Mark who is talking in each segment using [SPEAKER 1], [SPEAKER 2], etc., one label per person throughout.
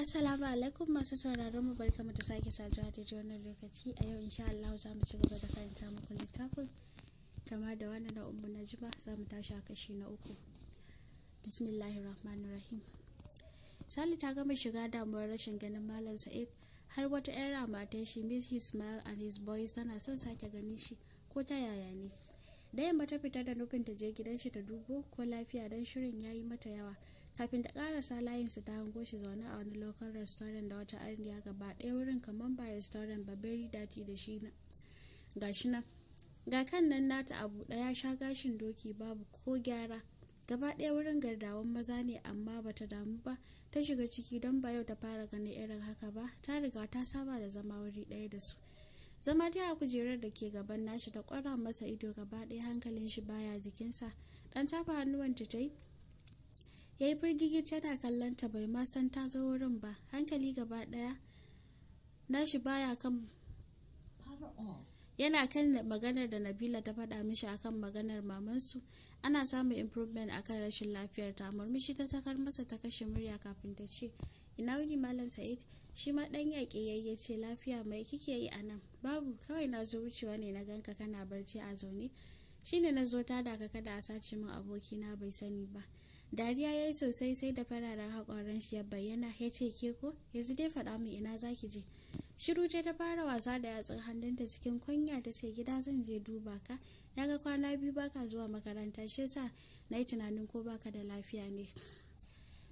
[SPEAKER 1] Assalamu alaikum masu sauraron mu barka mu da sake saduwa ji wannan lokaci a yau insha Allah za mu ci gaba da karanta muku littafin kama da wannan na ummu najma za mu tashi a kashi na uku bismillahir rahmanir rahim Sali ta gama shiga damuwar rashin ganin Malam Sa'id har wata yar rama ta shi miss his smile and his boys tana son sake ganin shi ko ta yaya ne da yamma ta fita da nufin ta je gidan shi ta dubo ko lafiya dan shirin yayi mata yawa kafin ta karasa layinsa ta hango shi zaune a wani local restaurant da wata arniya gaba ɗaya wurin kamar ba restaurant ba very dati da shi na ga shi na ga kan nan nata a buɗe ya sha gashin doki babu ko gyara gaba ɗaya wurin gardawan maza ne amma bata damu ba ta shiga ciki don ba yau ta fara ganin irin haka ba ta riga ta saba da zama wuri ɗaya da su zama dai a kujerar da ke gaban nashi ta kwara masa ido gaba ɗaya hankalin shi baya jikinsa ɗan tafa hannuwanta ta yi ya yi firgigit yana kallon ta bai ma san ta zo wurin ba hankali gaba daya nashi baya kan yana kan maganar da nabila ta faɗa mishi akan maganar mamansu ana samun improvement akan rashin lafiyar ta murmushi ta sakar masa ta kashe murya kafin ta ce ina wuni malam sa'id shi ma dan yaƙi yayyace ce lafiya mai kike yi a nan babu kawai na zo wucewa ne na ganka kana barci a zaune shine na zo ta daga kada a sace min abokina bai sani ba dariya ya yi sosai sai da fararen haƙoran shi ya bayyana ya ce ke ko yanzu dai faɗa min ina za ki je shiru ce ta fara wasa da yatsun ta cikin kunya ta ce gida zan je duba ka na ga kwana biyu baka zuwa makaranta shi yasa na yi tunanin ko baka da lafiya ne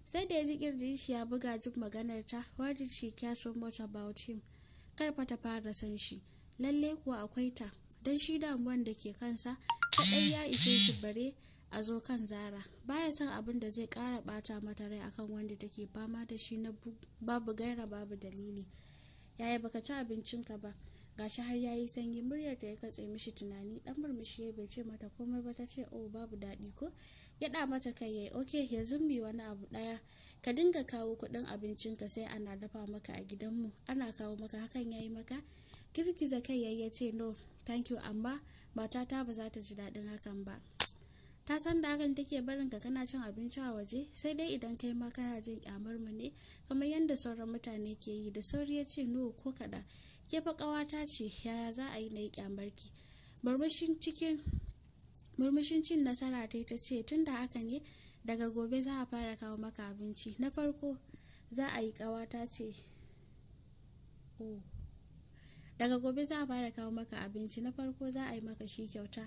[SPEAKER 1] sai da ya ji kirjin shi ya buga jin maganar ta what did she care so much about him karfa ta fara san shi lalle kuwa akwai ta don shi damuwan da ke kansa kaɗai ya ishe shi bare a zo kan zara baya son abin da zai kara bata mata rai akan wanda take fama da shi na babu gaira babu dalili yaya baka ci abincinka ba gashi har yayi sanyi muryar ta ya katse mishi tunani dan murmushi ya bai ce mata komai ba ta ce oh babu dadi ko ya da mata kai yayi okay ya bi wani abu daya ka dinga kawo kuɗin abincinka sai ana dafa maka a gidan mu ana kawo maka hakan yayi maka girgiza kai yayi ya ce no thank you amma matata ba za ta ji dadin hakan ba ta san da hakan take barin ka kana cin abinci a waje sai dai idan kai ma kana jin kyamar mu ne kamar yadda sauran mutane ke yi da sauri ya ce no ko kada ke fa kawata ce yaya za a yi na yi kyamar ki murmushin cin nasara ta ta ce tun da haka ne daga gobe za a fara kawo maka abinci na farko za a yi kawata ce oh. daga gobe za a fara kawo maka abinci na farko za a yi maka shi kyauta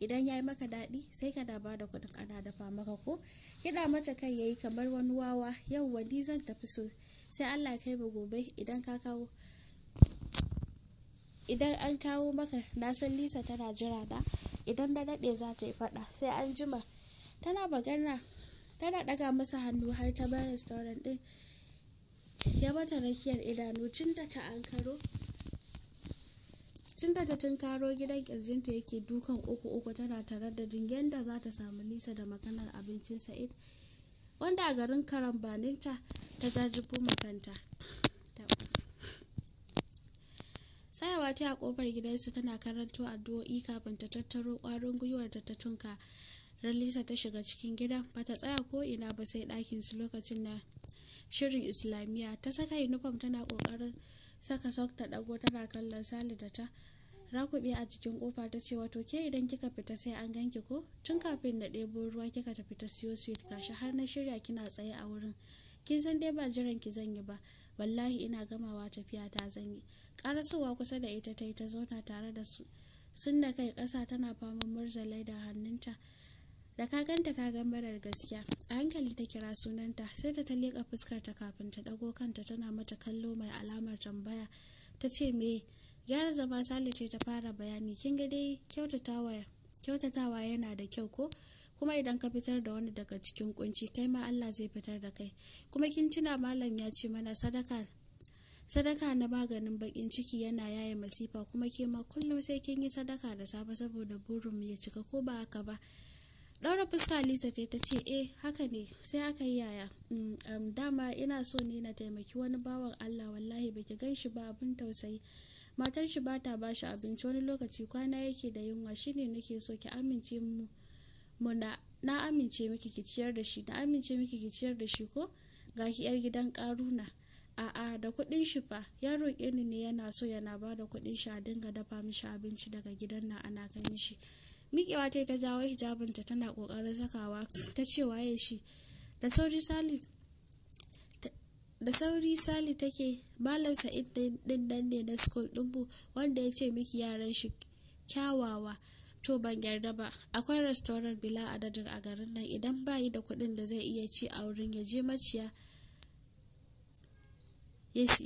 [SPEAKER 1] idan ya yi maka daɗi sai ka da bada kuɗin ana dafa maka ko kiɗa mata kai yayi kamar wani wawa yau wani zan tafi so sai allah kai mu gobe idan ka kawo idan an kawo maka na lisa tana jira da idan da daɗe za ta yi faɗa sai an jima tana magana tana ɗaga masa hannu har ta bar restaurant ɗin ya mata rakiyar idanu tun da ta ankaro tun da ta tunkaro gidan kirjinta yake dukan uku uku tana tare da dingen da za ta samu nisa da maganar abincin sa'id wanda a garin karambaninta ta zajibo makanta tsayawa ta a kofar gidansu tana karanto addu'o'i kafin ta tattaro kwarin gwiwar da ta tunka Ralisa ta shiga cikin gidan ba ta tsaya ko ina ba sai dakin su lokacin na shirin islamiyya ta saka uniform tana kokarin saka sok ta ɗago tana kallon sali da ta rakuɓe a cikin kofa ta ce wato ke idan kika fita sai an ganki ko tun kafin da ɗebo ruwa kika tafi ta siyo sweet kashi har na shirya kina tsaye a wurin kin san dai ba jiran ki zan yi ba wallahi ina gamawa tafiya ta zan yi karasowa kusa da ita ta yi ta zauna tare da su sun da kai ƙasa tana faman murzalai da hannunta da ka ganta ka ga marar gaskiya a hankali ta kira sunanta sai ta ta leƙa fuskarta kafin ta ɗago kanta tana mata kallo mai alamar tambaya ta ce me gyara zama sale ce ta fara bayani kin ga dai kyautatawa yana da kyau ko kuma idan ka fitar da wani daga cikin kunci kai ma Allah zai fitar da kai kuma kin tuna malam ya ce mana sadaka sadaka na maganin bakin ciki yana yaye masifa kuma ke ma kullum sai kin yi sadaka da safe saboda burin ya cika ko ba haka ba daura fuska lisa ce ta ce eh haka ne sai aka yi yaya mm, dama ina so ne na taimaki wani bawan allah wallahi baki gan shi ba abin tausayi matar shi bata ba shi abinci wani lokaci kwana yake da yunwa shine nake so ki amince mu mu na na amince miki ki ciyar da shi na amince miki ki ciyar da shi ko ga ki yar gidan karuna a'a da kudin shi fa ya roƙe ni ne yana so yana ba da kudin shi a dinga dafa mishi abinci daga gidan nan ana ganin shi miƙewa ta ta jawo hijabinta tana kokarin sakawa ta ce waye shi da sauri salim da sauri sali take malam sa'id din nan ne na school dinmu wanda ya ce miki yaran shi kyawawa to ban yarda ba akwai restaurant bila adadin a garin nan idan bayi da kuɗin da zai iya ci a wurin ya je maciya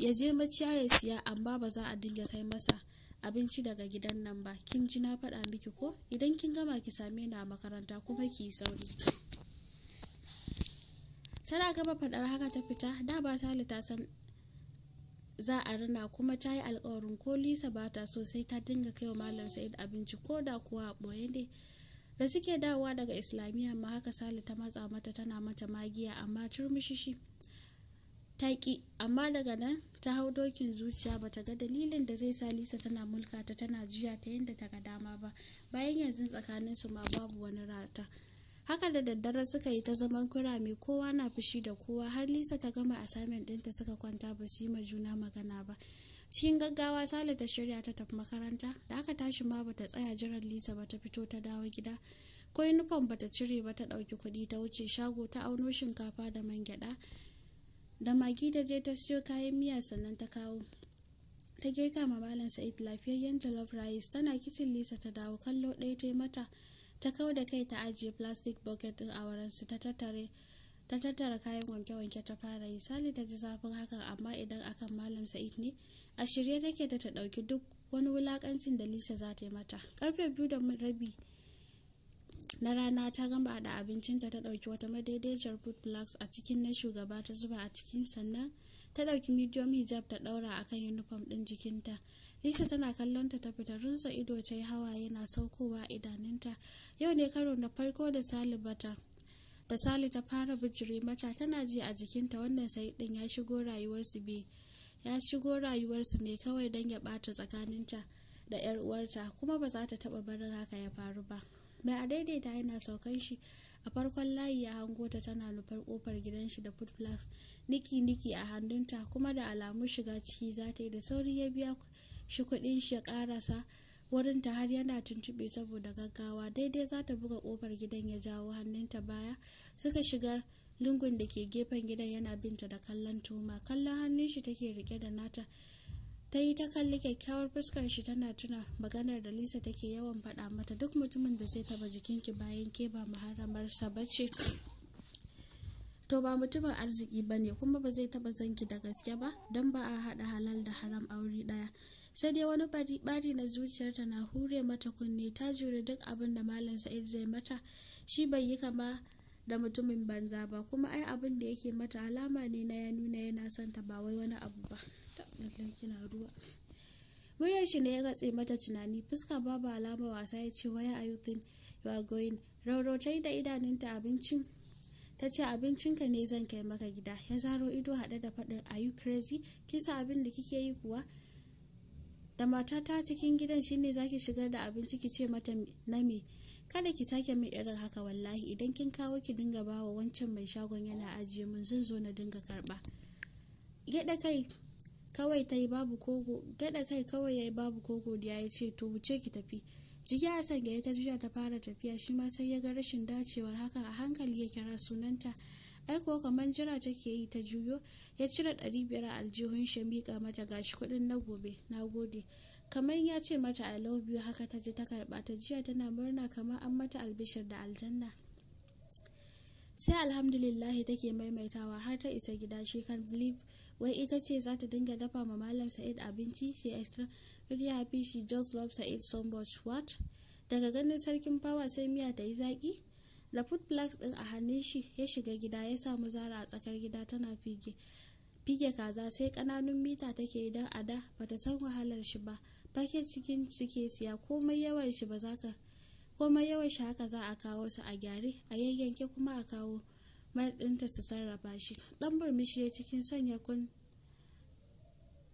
[SPEAKER 1] ya je maciya ya siya amma ba za a dinga kai masa abinci daga gidan nan ba kin ji na faɗa miki ko idan kin gama ki same ni a makaranta kuma ki yi sauri tana gaba faɗar haka ta fita da ba sali ta san za a rana kuma ta yi alkawarin ko lisa ba ta so sai ta dinga kai wa malam sa'id abinci ko da kuwa a ɓoye ne da suke dawowa daga islamiyya ma haka sali ta matsa mata tana mata magiya amma shi ta ki amma daga nan ta hau dokin zuciya ba ta ga dalilin da zai sa lisa tana mulka ta tana juya ta yadda ta ga dama ba bayan yanzu tsakanin su ma babu wani rata haka da daddare suka yi ta zaman kura mai kowa na fushi da kowa har lisa ta gama assignment dinta suka kwanta ba su yi ma juna magana ba cikin gaggawa sale ta shirya ta tafi makaranta da aka tashi ma bata tsaya jiran lisa ba ta fito ta dawo gida ko ba bata cire ba ta ɗauki kuɗi ta wuce shago ta auno shinkafa da man gyaɗa da magi da je ta siyo kayan miya sannan ta kawo ta girka ma malam sa'id lafiyayyen jollof rice tana kicin lisa ta dawo kallo ɗaya ta mata ta kau da kai ta ajiye plastic bucket din a su ta tattare ta tattara kayan wanke-wanke ta fara yi sali ta ji zafin hakan amma idan akan malam sa'id ne a shirye take da ta ɗauki duk wani wulakancin da lisa za ta yi mata karfe biyu da rabi na rana ta gama haɗa abincinta ta ɗauki wata madaidaiciyar food blocks a cikin na shugaba ta zuba a cikin sannan ta ɗauki medium hijab ta ɗaura a kan uniform ɗin jikinta lisa tana kallonta ta fita runsa ido ta yi yana yana saukowa idanunta yau ne karo na farko da salibata da sali ta fara bijiri mata tana ji a jikinta wannan sai ɗin ya shigo rayuwarsu bi ya shigo rayuwarsu ne kawai don ya ɓata tsakaninta da 'yar uwarta kuma ba za ta taɓa barin haka ya faru ba mai a daidaita yana saukan shi a farkon layi ya hango ta tana nufar kofar gidan shi da food flask niki niki a hannunta kuma da alamu shiga ciki za ta yi da sauri ya biya shi kuɗin shi ya ƙarasa wurinta har yana tuntuɓe saboda gaggawa daidai za ta buga kofar gidan ya jawo hannunta baya suka shiga lungun da ke gefen gidan yana binta da kallon tuma kallon hannun shi take rike da nata ta yi ta kalli kyakkyawar fuskar shi tana tuna maganar da lisa take yawan faɗa mata duk mutumin da zai taba ki bayan ke ba muharramarsa ba ce to ba mutumin arziki ba ne kuma ba zai taba son ki da gaske ba don ba a haɗa halal da haram aure ɗaya sai dai wani bari na zuciyarta na hure mata kunne ta jure duk abin da malam sa'id zai mata shi bai yi kama da mutumin banza ba kuma ai abin da yake mata alama ne na ya nuna yana son ta ba wai wani abu ba lallai kina ruwa muryar shi ne ya gatse mata tunani fuska babu alama wasa ya ce waya are you think da idanunta abincin ta ce abincinka ne zan kai maka gida ya zaro ido haɗe da faɗin are you crazy kisa abin da kike yi kuwa da matata cikin gidan shine zaki shigar da abinci ki ce mata na me kada ki sake min irin haka wallahi idan kin kawo ki dinga bawa wancan mai shagon yana ajiye mun zan zo na dinga karba gyaɗa kai kawai ta yi babu kogo gada kai kawai ya yi babu kogo da ya ce to wuce ki tafi jiki a sanya ta juya ta fara tafiya shi ma sai ya ga rashin dacewar haka a hankali ya kira sunanta aiko kamar jira take yi ta juyo ya cire ɗari biyar a aljihun shi miƙa mata gashi kuɗin na gobe na gode kamar ya ce mata i love you haka ta ji ta karɓa ta jiya tana murna kamar an mata albishir da aljanna sai alhamdulillahi take maimaitawa har ta isa gida shi kan believe wai ita ce za ta dinga dafa ma malam sa'id abinci she extra really happy she just love sa'id so much what daga ganin sarkin fawa sai miya ta yi zaki da food plugs din a hannun shi ya shiga gida ya samu zara a tsakar gida tana fige fige kaza sai kananun mita take idan ada da bata san wahalar shi ba paket cikin cike siya komai yawan shi ba za ka komai yawan shi haka za a kawo su a gyare a yayyanke kuma a kawo maɗinta su sarrafa shi ɗan burmishi ya cikin sanya kun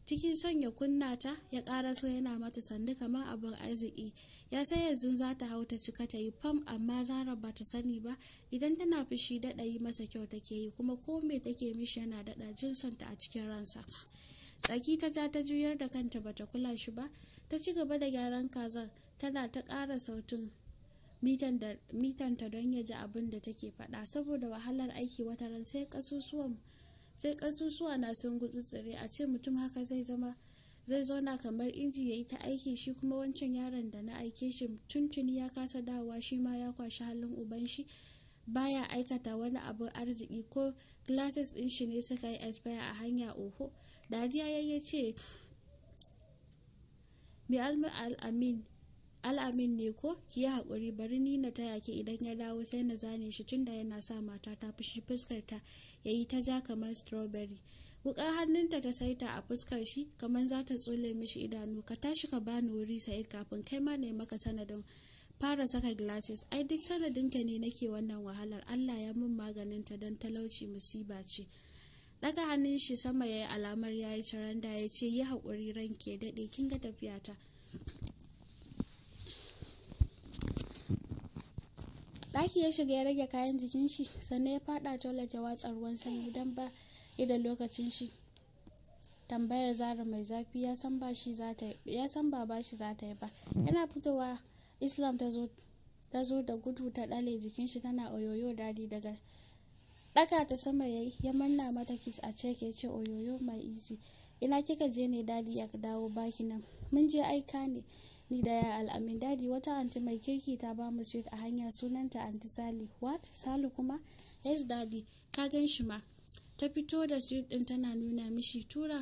[SPEAKER 1] cikin son ya kunna ta ya ƙara so yana mata sandu kamar abin arziki ya sai yanzu za ta hau ta cika ta yi fam amma zara ba ta sani ba idan tana fushi daɗa yi masa kyau take yi kuma ko me take mishi yana daɗa jin son ta a cikin ransa tsaki ta ja ta juyar da kanta bata kula shi ba ta ci gaba da gyaran kazan tana ta ƙara sautin mitanta don ya ji abin da take faɗa saboda wahalar aiki wata ran sai kasusuwa na sun gutsutsure a ce mutum haka zai zama zai zauna kamar inji ya yi ta aiki shi kuma wancan yaron da na aike shi tuntuni ya kasa dawowa shi ma ya kwashi halin uban shi baya aikata wani abin arziki ko glasses din shi ne suka yi expire a hanya oho dariya ya ce al amin al'amin ne ko ki yi haƙuri bari ni na taya ki idan ya dawo sai na zane shi tunda yana sa mata ta fushi fuskar ta ya yi ta ja kamar strawberry wuƙar hannunta ta saita a fuskar shi kamar za ta tsole mishi idanu ka tashi ka bani wuri sa'id kafin kai ma ne maka sanadin fara saka glasses ai duk sanadin ka ne nake wannan wahalar allah ya mun ta don talauci musiba ce daga hannun shi sama ya yi alamar ya yi caranda ya ce yi haƙuri ranke daɗe kin ga tafiyata daki ya shiga ya rage kayan jikin shi sannan ya faɗa toilet ya watsa ruwan sanyi don ba idan lokacin shi tambayar zara mai zafi ya san ba shi za ta yi ba yana fitowa islam ta zo da gudu ta dale jikin shi tana oyoyo dadi daga daka ta sama yayi ya manna mata kis a ce ke ce oyoyo mai izi ina kika je ne dadi ya dawo baki nan mun je aika ne ni da ya al'amin dadi wata anti mai kirki ta ba mu sweet a hanya sunanta anti sali what sali kuma yes dadi ka gan shi ma ta fito da sweet din tana nuna mishi tura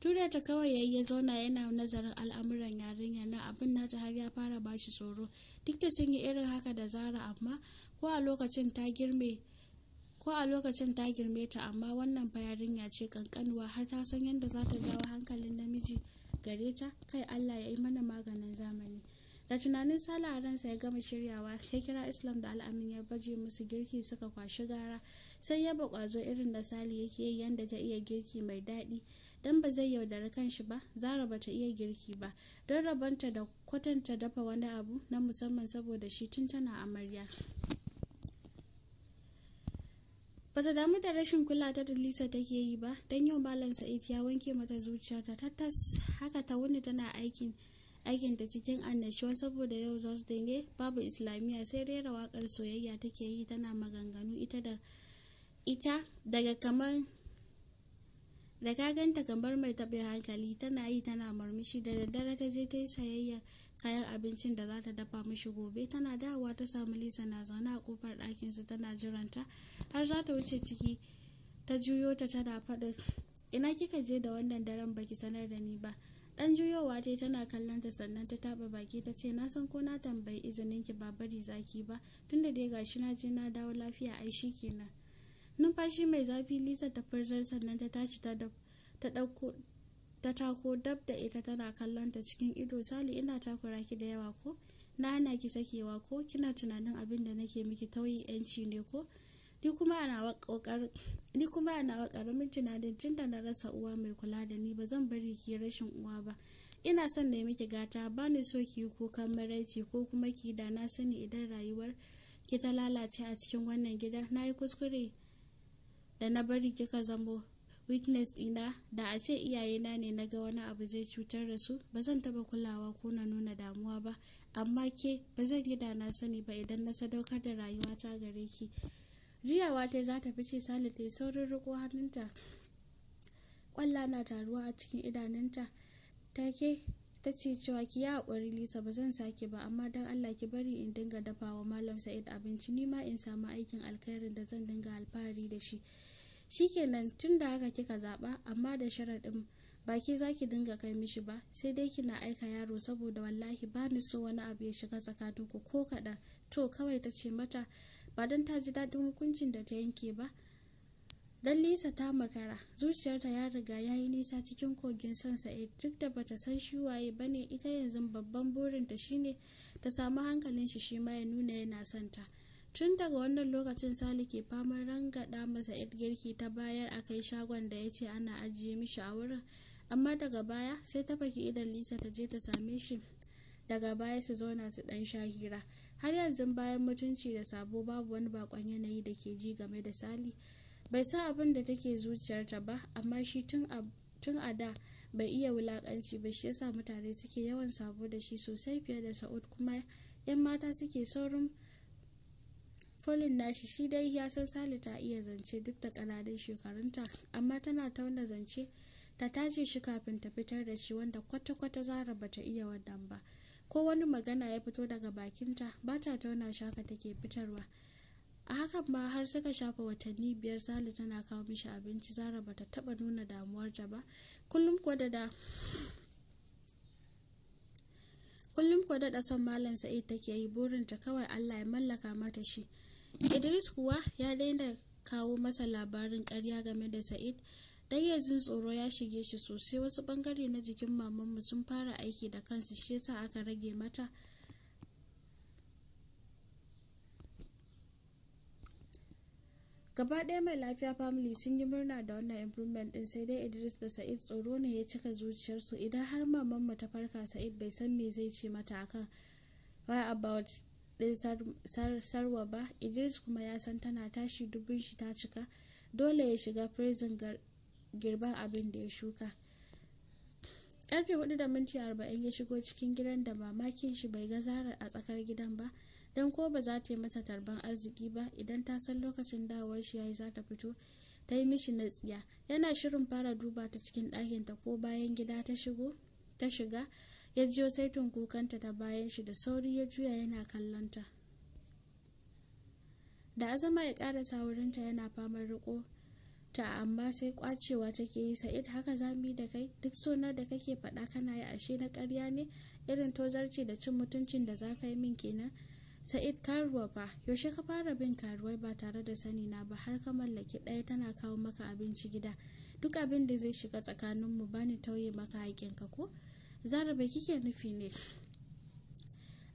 [SPEAKER 1] tura ta kawai yayi ya zauna yana nazarin al'amuran yarinya na abin ta har ya fara bashi tsoro duk da sun yi irin haka da zara amma ko a lokacin ta girme ko a lokacin ta girme ta amma wannan fa yarinya ce kankanuwa har ta san yadda za ta jawo hankalin namiji gare ta kai allah ya yi mana maganin zamani da tunanin sala a ransa ya gama shiryawa ya kira islam da al'amin ya baje musu girki suka kwashi gara sai ya bakwazo irin da sali yake yi yadda ta iya girki mai daɗi don ba zai yaudari kanshi ba zara ba ta iya girki ba don rabanta da kwatanta dafa wani abu na musamman saboda shi tun tana amarya ba ta damu da rashin kula ta da lisa take yi ba don yau malam sa'id ya wanke mata zuciyarta ta tas haka ta wuni tana aikin aikin ta cikin annashuwa saboda yau thursday ne babu islamiyya sai rera wakar soyayya take yi tana maganganu ita ita daga kamar da ka ganta kamar mai taɓe hankali tana yi tana murmushi da daddare ta je ta yi sayayya kayan abincin da za ta dafa mishi gobe tana dawowa ta samu lisa na zaune a kofar ɗakinsu tana jiranta har za ta wuce ciki ta juyo ta tana faɗin ina kika je da wannan daren baki sanar da ni ba dan juyowa ce tana kallon ta sannan ta taɓa baki ta ce na san ko na tambayi izinin ki ba bari zaki ba tunda dai gashi na je na dawo lafiya ai kenan numfashi mai zafi lisa ta furzar sannan ta tashi ta ɗauko ta tako dab da ita tana kallon ta cikin ido sali ina takura ki da yawa ko na ana ki sakewa ko kina tunanin abin da nake miki tauyi yanci ne ko ni kuma ana kokarin ni kuma ana karamin tunanin tun na rasa uwa mai kula da ni ba zan bari ki rashin uwa ba ina son na miki gata ba ni so ki yi kukan maraici ko kuma ki da na sani idan rayuwar ki ta lalace a cikin wannan gida na yi kuskure da na bari kika zamo weakness ina da a ce iyayena ne na ga wani abu zai cutar da su ba zan taba kulawa ko na nuna damuwa ba amma ke ba zan yi da na sani ba idan na sadaukar da rayuwata gare ki juyawa ta za ta fice sale ta saurin riko hannunta kwalla taruwa a cikin idanunta take ta ce cewa ki ya haƙuri lisa ba zan sake ba amma don allah ki bari in dinga dafa wa malam sa'id abinci ni ma in samu aikin alkhairin da zan dinga alfahari da shi shi shikenan tun da haka kika zaɓa amma da sharaɗin baki za ki dinga kai mishi ba sai dai kina aika yaro saboda wallahi ba ni so wani abu ya shiga tsakaninku ko kaɗan to kawai ta ce mata ba don ta ji daɗin hukuncin da ta yanke ba dan lisa ta makara zuciyarta ya riga ya yi nisa cikin kogin son sa'id duk da bata san shi waye bane ita yanzu babban burin ta shine ta samu hankalin shi shi ma ya nuna yana son ta tun daga wannan lokacin sali ke faman rangada masa sa'id girki ta bayar a kai shagon da ya ce ana ajiye mishi a wurin amma daga baya sai ta faki idan lisa ta je ta same shi daga baya su zauna su dan sha hira har yanzu bayan mutunci da sabo babu wani bakon yanayi da ke ji game da sali bai san abin da take zuciyarta ba amma shi tun a da bai iya wulakanci ba shi yasa mutane suke yawan sabo da shi sosai fiye da sa'ud kuma yan mata suke saurin folin nashi shi dai ya san sali ta iya zance duk da kananan shekarunta amma tana tauna zance ta tace shi kafin ta fitar da shi wanda kwata-kwata zara ta iya wannan ba ko wani magana ya fito daga bakinta ba ta tauna shaka take fitarwa a hakan ma har suka shafa watanni biyar sali tana kawo mishi abinci zara ta taba nuna damuwar damuwarta ba kullum kuwa da son malam sa'id take yi burinta kawai allah ya mallaka mata shi idris kuwa ya daina kawo masa labarin karya game da sa'id dan yanzu tsoro ya shige shi sosai wasu bangare na jikin mamanmu sun fara aiki da kansu shi yasa aka rage mata gaba ɗaya mai lafiya family sun yi murna da wannan improvement din sai dai idris da sa'id tsoro ne ya cika zuciyarsu idan har mu ta farka sa'id bai san me zai ce mata akan why about din sarwa ba idris kuma ya san tana tashi dubin shi ta cika dole ya shiga prison girban abin da ya shuka karfe 4.40 da minti arba'in ya shigo cikin gidan da mamakin shi bai ga zarar a tsakar gidan ba don ko ba za ta yi masa tarban arziki ba idan ta san lokacin dawowar shi yayi za ta fito ta yi mishi na tsiya yana shirin fara duba ta cikin ɗakinta ko bayan gida ta shigo ta shiga ya jiyo saitun kukanta ta bayan shi da sauri ya juya yana kallonta da azama ya ƙarasa ta yana famar riko ta amma sai kwacewa take yi sa'id haka zami da kai duk suna da kake faɗa kana yi ashe na karya ne irin tozarci da cin mutuncin da za ka yi min kenan sa'id karuwa ba yaushe ka fara bin karuwai ba tare da sani na ba har ka mallaki ɗaya tana kawo maka abinci gida duk abin da zai shiga tsakaninmu ba ni tauye maka ka ko zara bai kike nufi ne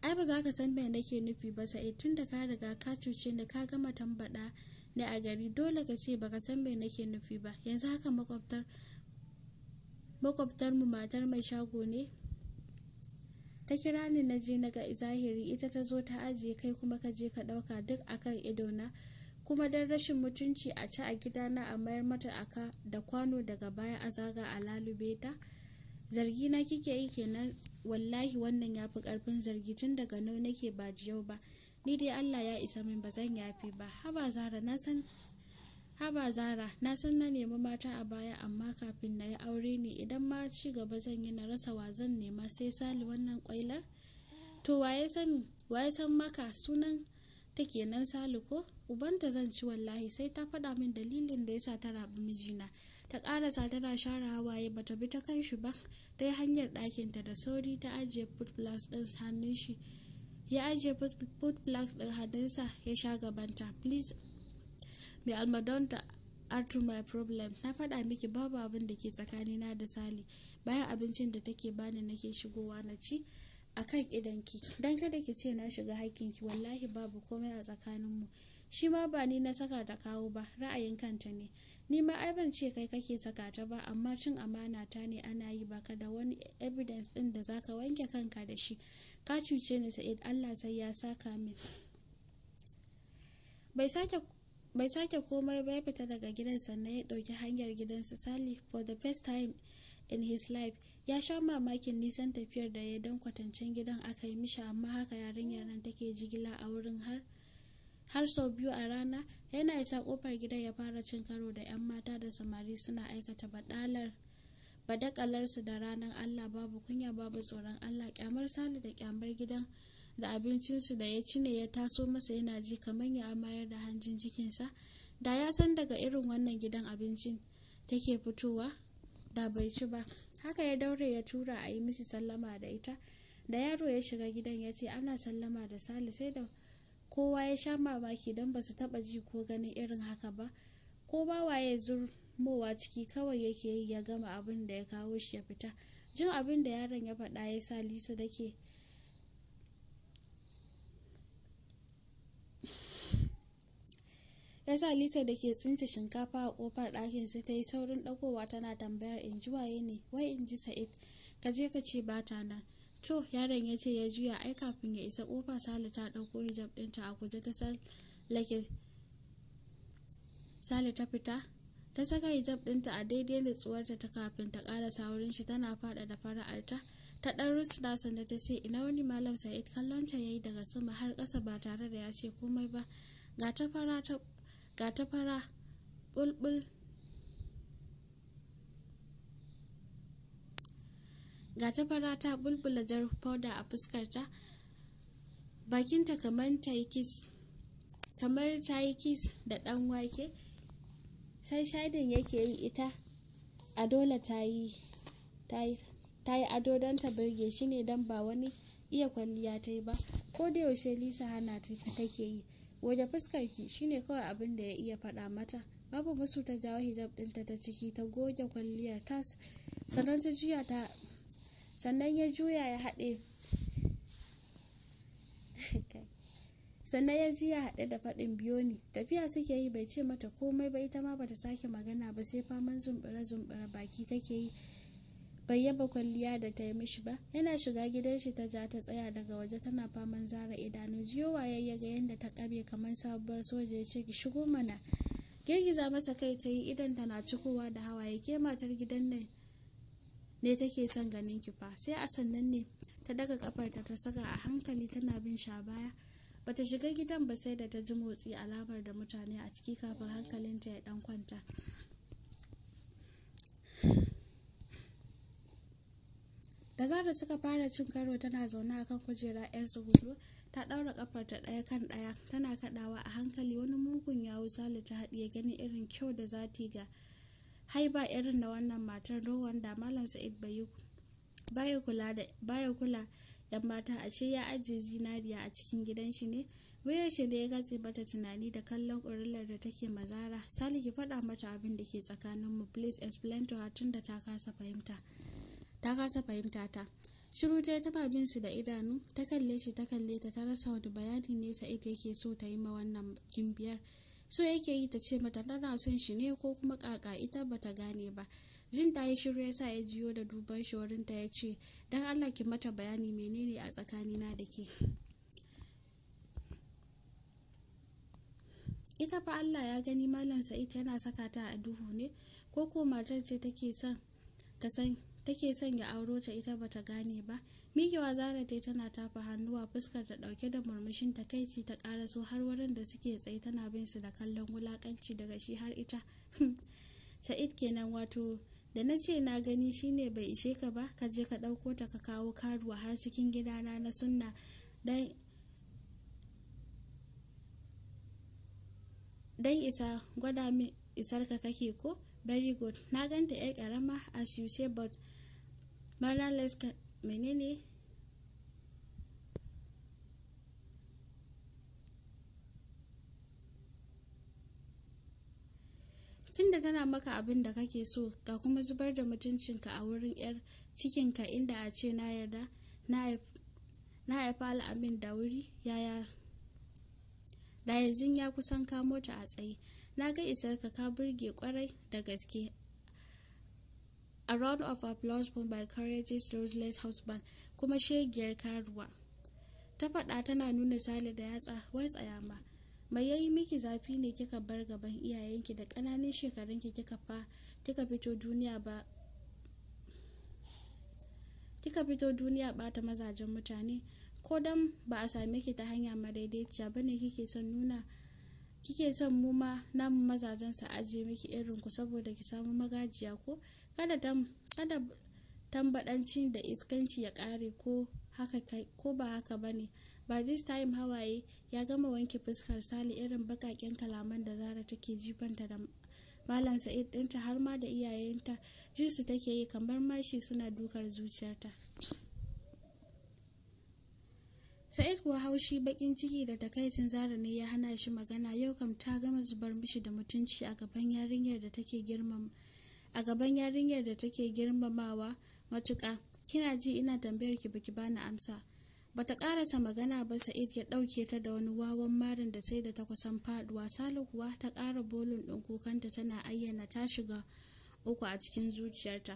[SPEAKER 1] ai ba za ka san me nake nufi ba sa'id tun da ka riga ka cuce ni ka gama tambaɗa ni a gari dole ka ce ba ka san me nake nufi ba yanzu haka makwabtar makwabtar mu matar mai shago ne ta kira ni na je na ga zahiri ita ta zo ta ajiye kai kuma ka je ka ɗauka duk a akan idona kuma don rashin mutunci a ci a gidana a mayar mata aka da kwano daga baya a zaga a lalube ta zargi na kike yi kenan wallahi wannan ya fi karfin zargi tun daga nau nake ba jiyau ba ni dai allah ya isa min ba zan yafi ba haba zara na san haba zara na san na nemi mata a baya amma kafin na yi aure ne idan ma ci gaba zan yi na rasa wa zan nema sai sali wannan kwailar to waye san waye san maka sunan ta kenan sali ko ubanta zan ci wallahi sai ta faɗa min dalilin da yasa ta rabu mijina ta ƙarasa tana share hawaye bata bi ta kai shi ba ta yi hanyar ɗakinta da sauri ta ajiye foot plus ɗin hannun shi ya ajiye foot plus ɗin hannunsa ya sha gabanta please mai almadonta artur my problem na faɗa miki babu abin da ke tsakanina da sali bayan abincin da take bani nake shigowa na ci a kan idanki don kada ki ce na shiga haƙƙinki wallahi babu komai a tsakaninmu shi ma ba ni na saka ta kawo ba ra'ayin kanta ne ni ma ai ban ce kai kake saka ta ba amma cin amana ta ne ana yi baka da wani evidence din da zaka wanke kanka da shi ka cuce ni sa'id Allah sai ya saka min bai sake bai sake komai ba fita daga gidan sannan ya ɗauki hanyar gidan su sali for the first time in his life ya sha mamakin nisan tafiyar da ya don kwatancin gidan aka yi mishi amma haka yarinyar nan take jigila a wurin har har sau biyu a rana yana isa kofar gidan ya fara cin karo da 'yan mata da samari suna aikata badalar badakalarsu da ranar allah babu kunya babu tsoron allah kyamar sali da kyamar gidan da abincinsu da ya ci ne ya taso masa yana ji kamar ya amayar da hanjin jikinsa da ya san daga irin wannan gidan abincin take fitowa da bai ci ba haka ya daure ya tura a yi musu sallama da ita da yaro ya shiga gidan ya ce ana sallama da sali sai da kowa ya sha mamaki don ba su taba ji ko ganin irin haka ba ko ba ya zurmowa ciki kawai yake yi ya gama abin da ya kawo shi ya fita jin abin da yaron ya faɗa ya sa lisa da ke yasa lisa da ke tsince shinkafa a kofar ɗakin sai ta yi saurin ɗaukowa tana tambayar in ji waye ne wai in ji sa'id ka je ka ce bata na to yaron ya ce ya juya ai kafin ya isa kofa sale ta ɗauko hijab ɗinta a guje ta sallake sale ta fita ta saka hijab ɗinta a daidai da tsuwarta ta kafin ta kara saurin shi tana da fara'arta ta ɗan rusuna sanda ta ce ina wani malam sa'id kallonta ya yi daga sama har ƙasa ba tare da ya ce komai ba ga ta fara ga ta fara bulbul ga ta fara ta bulbula jar fauda a fuskarta bakinta kamar ta yi kis kamar ta yi kis da ɗan wake sai shaidin yake yi ita a dole ta yi a ado don ta birge shi ne don ba wani iya kwalliya ta yi ba ko da yaushe lisa hana ta take yi waje fuskarki shine kawai abin da ya iya faɗa mata babu musu ta jawo hijab ɗinta ta ciki ta goge kwalliyar tas sannan ta juya ta sannan ya juya ya haɗe sannan ya ji ya haɗe da faɗin biyo ne tafiya suke yi bai ce mata komai ba ita ma bata sake magana ba sai faman zumbura zumbura baki take yi bai yaba kwalliya da ta yi mishi ba yana shiga gidan shi ta ja ta tsaya daga waje tana faman zara idanu jiyo waye ya ga yadda ta kabe kamar sabuwar soja ya ce ki shigo mana girgiza masa kai ta yi idan tana cikowa da hawa ya ke matar gidan nan ne take son ganin ki fa sai a sannan ne ta daga kafar ta saka a hankali tana bin sha baya bata shiga gidan ba sai da ta ji motsi alamar da mutane a ciki kafin hankalinta ya dan kwanta da zarar suka fara cin karo tana zaune a kan kujera yar zubuzu ta ɗaura kafar ta ɗaya kan ɗaya tana kaɗawa a hankali wani mugun ya sale ta haɗiye gani irin kyau da zati ga haiba irin da wannan matar do da malam sa'id bai baya kula 'yan mata ashe ya ajiye zinariya a cikin gidan shi ne wayar shi da ya gatse bata tunani da kallon ƙurillar da take mazara sali ki faɗa mata abin da ke tsakaninmu please explain to her tunda ta kasa fahimta ta kasa fahimta ta shiru ta taba bin su da idanu ta kalle shi ta kalle ta ta rasa wani bayani ne sa'id yake so ta yi ma wannan gimbiyar so yake yi ta ce mata tana son shi ne ko kuma kaka ita bata gane ba jin ta yi shiru ya sa ya jiyo da duban shi wurin ta ya ce dan allah ki mata bayani menene a tsakanina da ke ita fa allah ya gani malam sa'id yana saka ta a duhu ne ko ko matar ce take son ta san take son ya auro ta ita bata gane ba mikewa zara ta tana tafa hannuwa fuskar ta ɗauke da murmushin takaici ta so har wurin da suke tsaye tana bin su da kallon wulakanci daga shi har ita hmm. sa'id kenan wato da na ce na gani shine bai ishe ka ba ka je ka ɗauko ta ka kawo karuwa har cikin gidana na sunna dan dan isa gwada min isar ka kake ko very good na ganta yar karama as you say but Mara Lester menene? tunda tana maka abin da kake so ka kuma zubar da mutuncinka a wurin 'yar cikinka inda a ce na yarda na haifa al'amin da wuri yaya da yanzu ya kusan kamo ta a tsaye na ga isarka ka burge kwarai da gaske a round of applause from by courageous ruthless husband kuma shegiyar karuwa ta faɗa tana nuna sale da yatsa wai tsaya ma mai yayi miki zafi ne kika bar gaban iyayenki da ƙananan shekarunki kika fa kika fito duniya ba kika fito duniya bata mazajen mutane ko dan ba a same ki ta hanya madaidaiciya bane kike son nuna kike son mu ma namu mazajen sa aje miki irin ku saboda ki samu magajiya ko kada dan kada tambadanci da iskanci ya kare ko haka ko ba haka bane ba this time hawaye ya gama wanke fuskar sali irin bakaken kalaman da zara take jifanta da malam sa'id dinta har ma da iyayenta jinsu take yi kamar mashi suna dukar zuciyarta sa'id kuwa haushi bakin ciki da takaicin zarani ne ya hana shi magana yau kam ta gama zubar mishi da mutunci a gaban yarinyar da take girmama a gaban yarinyar da take girmamawa matuƙa kina ji ina tambayar ki baki bani amsa bata karasa magana ba sa'id ya dauke ta da wani wawan marin da sai da ta kusan faduwa salu kuwa ta kara bolin ɗin kukanta tana ayyana ta shiga uku a cikin zuciyarta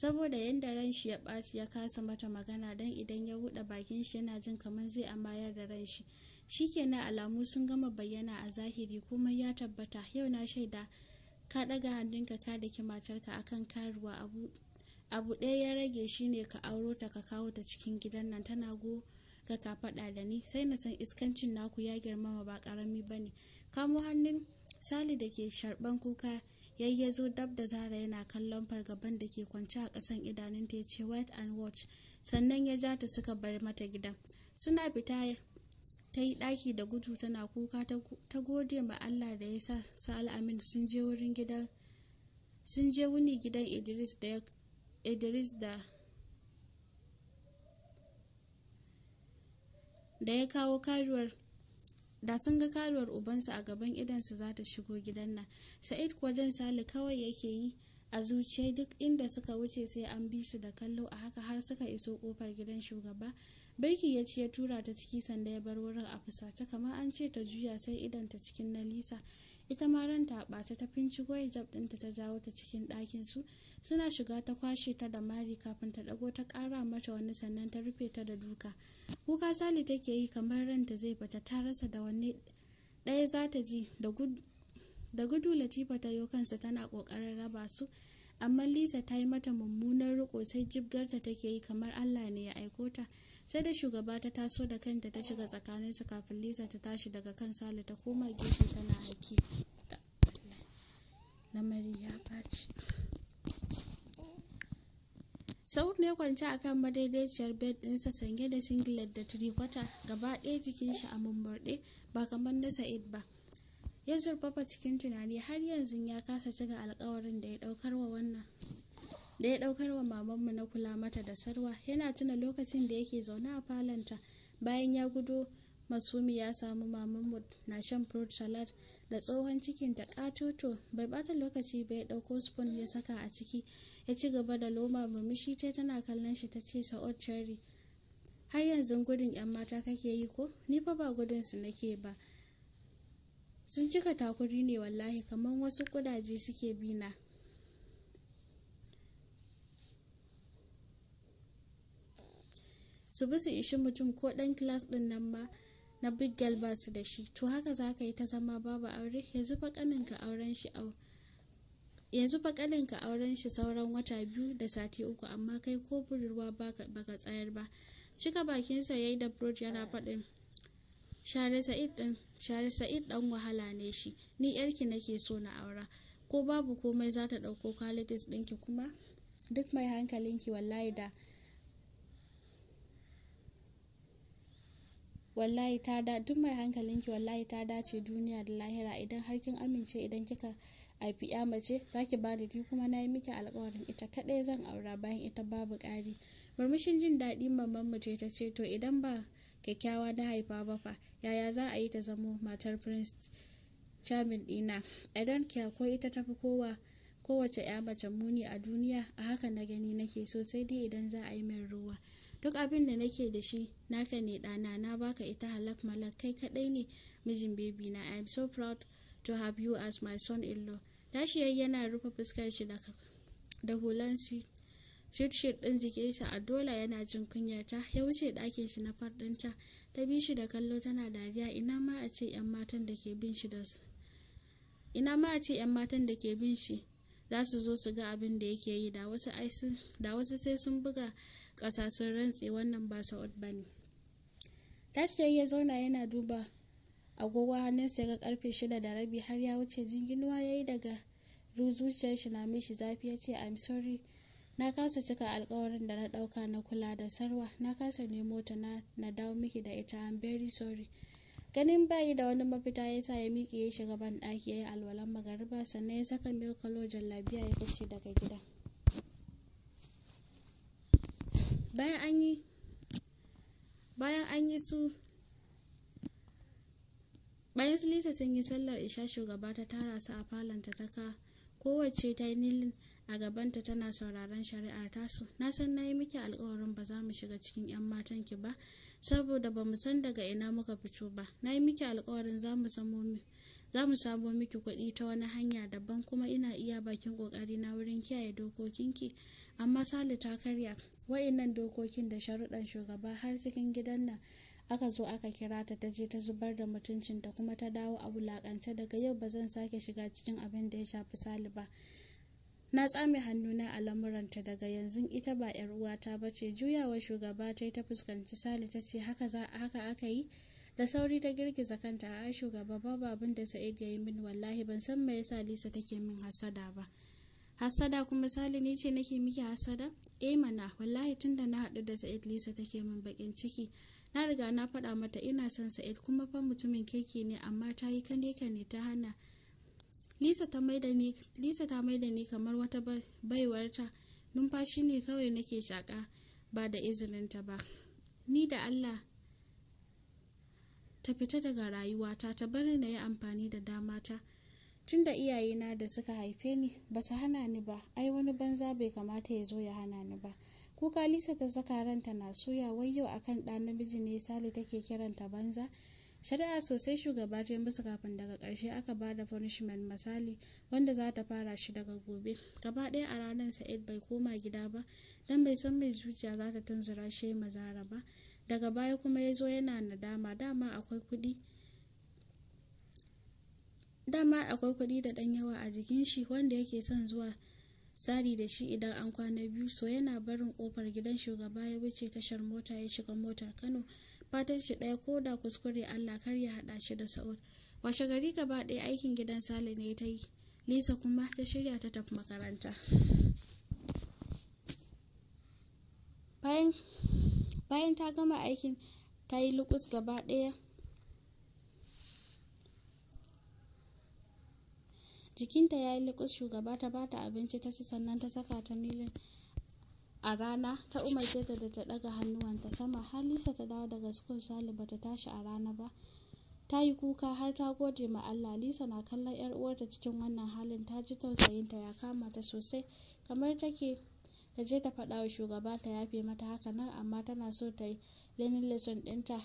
[SPEAKER 1] saboda yadda ran shi ya ɓaci ya kasa mata magana don idan ya buɗe bakin shi yana jin kamar zai amayar da ran shi shikenan alamu sun gama bayyana a zahiri kuma ya tabbata yau na shaida ka ɗaga hannunka ka daki matarka akan karuwa abu abu ɗaya ya rage shine ka auro ta ka kawo ta cikin gidan nan tana go ga ka faɗa da ni sai na san iskancin naku ya girmama ba ƙarami ba ne kamo hannun sali da ke sharɓan kuka yayyazo dab da zara yana kallon fargaban da ke kwance a ƙasan idanunta ya ce wait and watch sannan ya ja ta suka bar mata gidan suna fita ta yi ɗaki da gudu tana kuka ta gode ma allah da ya sa sa'al sun je wurin gidan sun je wuni gidan idris da idris da da ya kawo karuwar da sun ga karuwar ubansu a gaban idansa za ta shigo gidan nan sa'id kuwa jan sali kawai yake yi a zuciya duk inda suka wuce sai an bi su da kallo a haka har suka iso kofar gidan shugaba birki ya ce ya tura ta ciki sanda ya bar wurin a fusace kamar an ce ta juya sai idanta cikin na lisa ita ma ranta a ɓace ta goyi jab ɗinta ta jawo ta cikin ɗakin su suna shiga ta kwashe ta da mari kafin ta ɗago ta ƙara mata wani sannan ta rufe ta da duka kuka sali take yi kamar ranta zai fita ta rasa da wanne ɗaya za ta ji da gudu latifa ta yo kansa tana ƙoƙarin raba su amma lisa ta yi mata mummunar riko sai jibgarta take yi kamar allah ne ya aiko ta sai da shugaba ta taso da kanta ta shiga tsakanin tsakaninsu kafin lisa ta tashi daga kan sale ta koma gefe tana haki sau ya kwanci ne kwance a kan madaidaiciyar bed ɗinsa sanye da singlet da tirikwata gaba ɗaya jikin shi a mummurɗe ba kamar na sa'id ba ya zurfafa cikin tunani har yanzu ya kasa cika alkawarin da ya daukar wa wannan da ya daukar wa mamanmu na kula mata da sarwa yana tuna lokacin da yake zaune a falanta bayan ya gudo masumi ya samu mamanmu na shan fruit salad da tsohon cikin da katoto bai bata lokaci ba ya dauko spoon ya saka a ciki ya ci gaba da loma murmushi ta tana kallon shi ta ce sa'od cherry har yanzu gudun yan mata kake yi ko ni fa ba gudun su nake ba sun cika takuri ne wallahi kamar wasu kudaje suke bina su bi su ishi mutum ko dan kilas din nan ma na big girl ba su da shi to haka za ka yi ta zama babu aure yanzu fa ka auren shi auren shi sauran wata biyu da sati uku amma kai ko budurwa ka tsayar ba cika bakin ya yi da brod yana faɗin share sa'id dan ɗan wahala ne shi ni yarki nake so na aura ko babu komai za ta ɗauko qualities ɗinki kuma duk mai hankalinki wallahi da wallahi ta da duk mai hankalinki wallahi ta dace duniya da lahira idan har kin amince idan kika haifi ya mace ki bani ni kuma na yi miki alkawarin ita kaɗai zan aura bayan ita babu ƙari murmushin jin daɗi mamman mu ce ta ce to idan ba kyakkyawa na haifa ba fa yaya za a yi ta zamo matar prince charming ɗina idan kya ko ita tafi kowa kowace ya mace muni a duniya a haka na gani nake so sai dai idan za a yi min ruwa duk abin da nake da shi naka ne ɗana na baka ita halak malak kai kaɗai ne mijin baby na i am so proud to have you as my son in law tashi yayi yana rufe fuskar shi da hulan shi shit shit din jikin shi a dola yana jin kunyar ta ya wuce ɗakin shi na fardin ta bi shi da kallo tana dariya ina ma a ce yan matan da ke bin shi da su ina ma a ce yan matan da ke bin shi za su zo su ga abin da yake yi da wasu sai sun buga ƙasasun sun rantse wannan ba sa'ud ba ne tashi ya zauna yana duba agogo hannunsa ya ga karfe shida da rabi har ya wuce jinginuwa ya yi daga zuciyar shi na mishi zafi ya ce i'm sorry na kasa cika alkawarin da na dauka na kula da sarwa na kasa nemo ta na dawo miki da ita i'm very sorry ganin bayi da wani mafita ya sa ya miƙe ya shiga ban ɗaki ya yi alwalan magariba sannan ya saka milkalo jallabiya ya fice daga gida bayan an bayan an yi su bayan silisa lisa sun yi sallar isha shugaba ta tara su a falanta ta ka kowace ta yi nilin a gabanta tana sauraron shari'ar tasu na san na yi miki alkawarin ba za mu shiga cikin 'yan matan ki ba saboda ba mu san daga ina muka fito ba na yi miki alkawarin za mu samo miki kuɗi ta wani hanya daban kuma ina iya bakin ƙoƙari na wurin kiyaye dokokinki amma sale ta karya wa'innan dokokin da sharuɗan shugaba har cikin gidan nan aka zo aka kira ta ta je ta zubar da mutuncinta kuma ta dawo a wulakance daga yau ba zan sake shiga cikin abin da ya shafi sali ba na tsame hannuna a lamuranta daga yanzu ita ba yar uwata ba ce juyawa shugaba ta ta fuskanci sali ta ce haka za haka aka yi da sauri ta girgiza kanta a shugaba babu abin da sa'id ya yi min wallahi ban san me yasa lisa take min hasada ba hasada kuma sali ne ce nake miki hasada eh mana wallahi tunda na haɗu da sa'id lisa take min bakin ciki na riga na faɗa mata ina son sa'id kuma fa mutumin kirki ne amma ta yi kane kane ta hana lisa ta maida ni ni kamar wata baiwarta numfashi ne kawai nake shaka ba da izinin ta ba ni da allah ta fita daga rayuwata ta bari na yi amfani da damata tun da iyayena da suka haife ni ba su hana ni ba ai wani banza bai kamata ya zo ya hana ni ba kuka lisa ta saka ranta na soya wai yau akan ɗa namiji ne sali take kiranta banza shari'a sosai shugaba ta musu kafin daga ƙarshe aka ba da punishment misali wanda za ta fara shi daga gobe gaba ɗaya a ranar sa'id bai koma gida ba don bai san mai zuciya za ta tunzura shi mazara ba daga baya kuma ya zo yana nadama dama akwai kuɗi dama akwai kuɗi da ɗan yawa a jikin shi wanda yake son zuwa tsari da shi idan an kwana biyu so yana barin kofar gidan shugaba ya wuce tashar mota ya shiga motar kano fatan shi ɗaya ko da kuskure allah kar ya haɗa shi da sa'ud washe gari gaba ɗaya aikin gidan sale ne ta yi lisa kuma ta shirya ta tafi makaranta bayan ta gama aikin ta yi lukus gaba ɗaya jikinta ya yi liƙus shugaba ta bata abinci ta ci sannan ta saka ta nilin a rana ta umarce ta da ta ɗaga hannuwanta sama har lisa ta dawo daga sukun sali bata tashi a rana ba ta yi kuka har ta gode ma Allah Lisa na kallon yar uwarta cikin wannan halin ta ji tausayinta ya kama ta sosai kamar take ta je ta faɗa wa shugaba ta yafe mata haka nan amma tana so ta yi lenin lesson ɗinta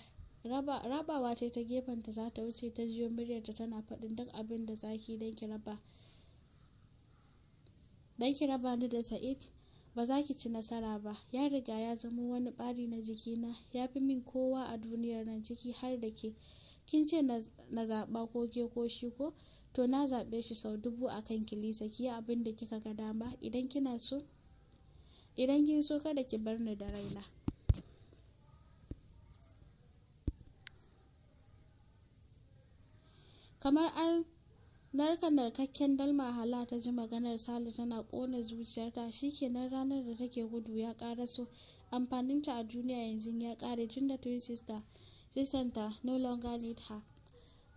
[SPEAKER 1] rabawa ce ta gefenta za ta wuce ta jiyo muryarta tana faɗin duk abin da zaki don ki raba don ki raba ni da sa'id ba za ki ci nasara ba ya riga ya zama wani ɓari na jikina ya fi min kowa a duniyar nan ciki har da ke kin ce na zaɓa ko ke ko shi ko to na zaɓe shi sau dubu a kan kilisa ki abin da kika ga dama idan kina so idan kin so kada ki bar ni da raina kamar an narka narkakken dalma hala ta ji maganar sale tana kona zuciyarta shi shikenan ranar da take gudu ya karaso amfaninta a duniya yanzu ya kare tun da twin sister sistanta no longer need her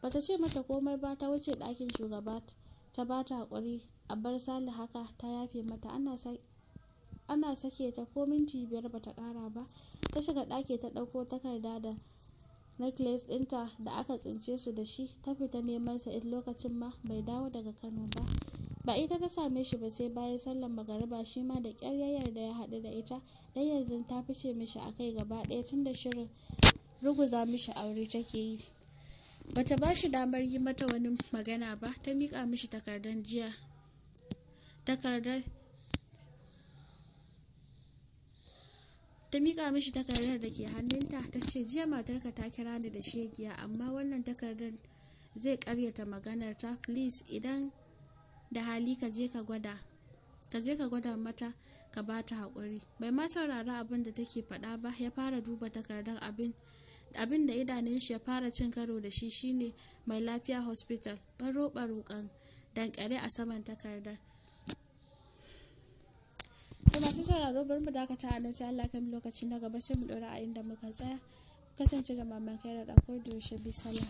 [SPEAKER 1] bata ce mata komai ba ta wuce ɗakin shugaba ta ba ta haƙuri a bar sale haka ta yafe mata ana ana sake ta ko minti biyar bata kara ba ta shiga ɗaki ta ɗauko takarda da necklace dinta da aka tsince su da shi ta fita neman sa lokacin ma bai dawo daga kano ba ba ita ta same shi ba sai bayan sallan magariba shi ma da ƙyar yayar da ya haɗu da ita dan yanzu ta fice mishi kai gaba ɗaya tun da shirin ruguza mishi aure take yi bata ba shi damar yi mata wani magana ba ta miƙa mishi takardar jiya takardar ta mika mishi takardar da ke hannunta ta ce jiya matarka ta kira ni da shegiya amma wannan takardar zai karyata maganar ta please idan da hali ka je ka gwada ka je ka gwada mata ka ba ta haƙuri bai ma saurara abin da take faɗa ba ya fara duba takardar abin abin da idanun shi ya fara cin karo da shi shine mai lafiya hospital baro kan dankare a saman takardar to masu sauraro bari mu dakata a nan sai Allah kan lokaci na gaba sai mu ɗora a inda muka tsaya kasance da mamakai da ɗan kodo shi bisala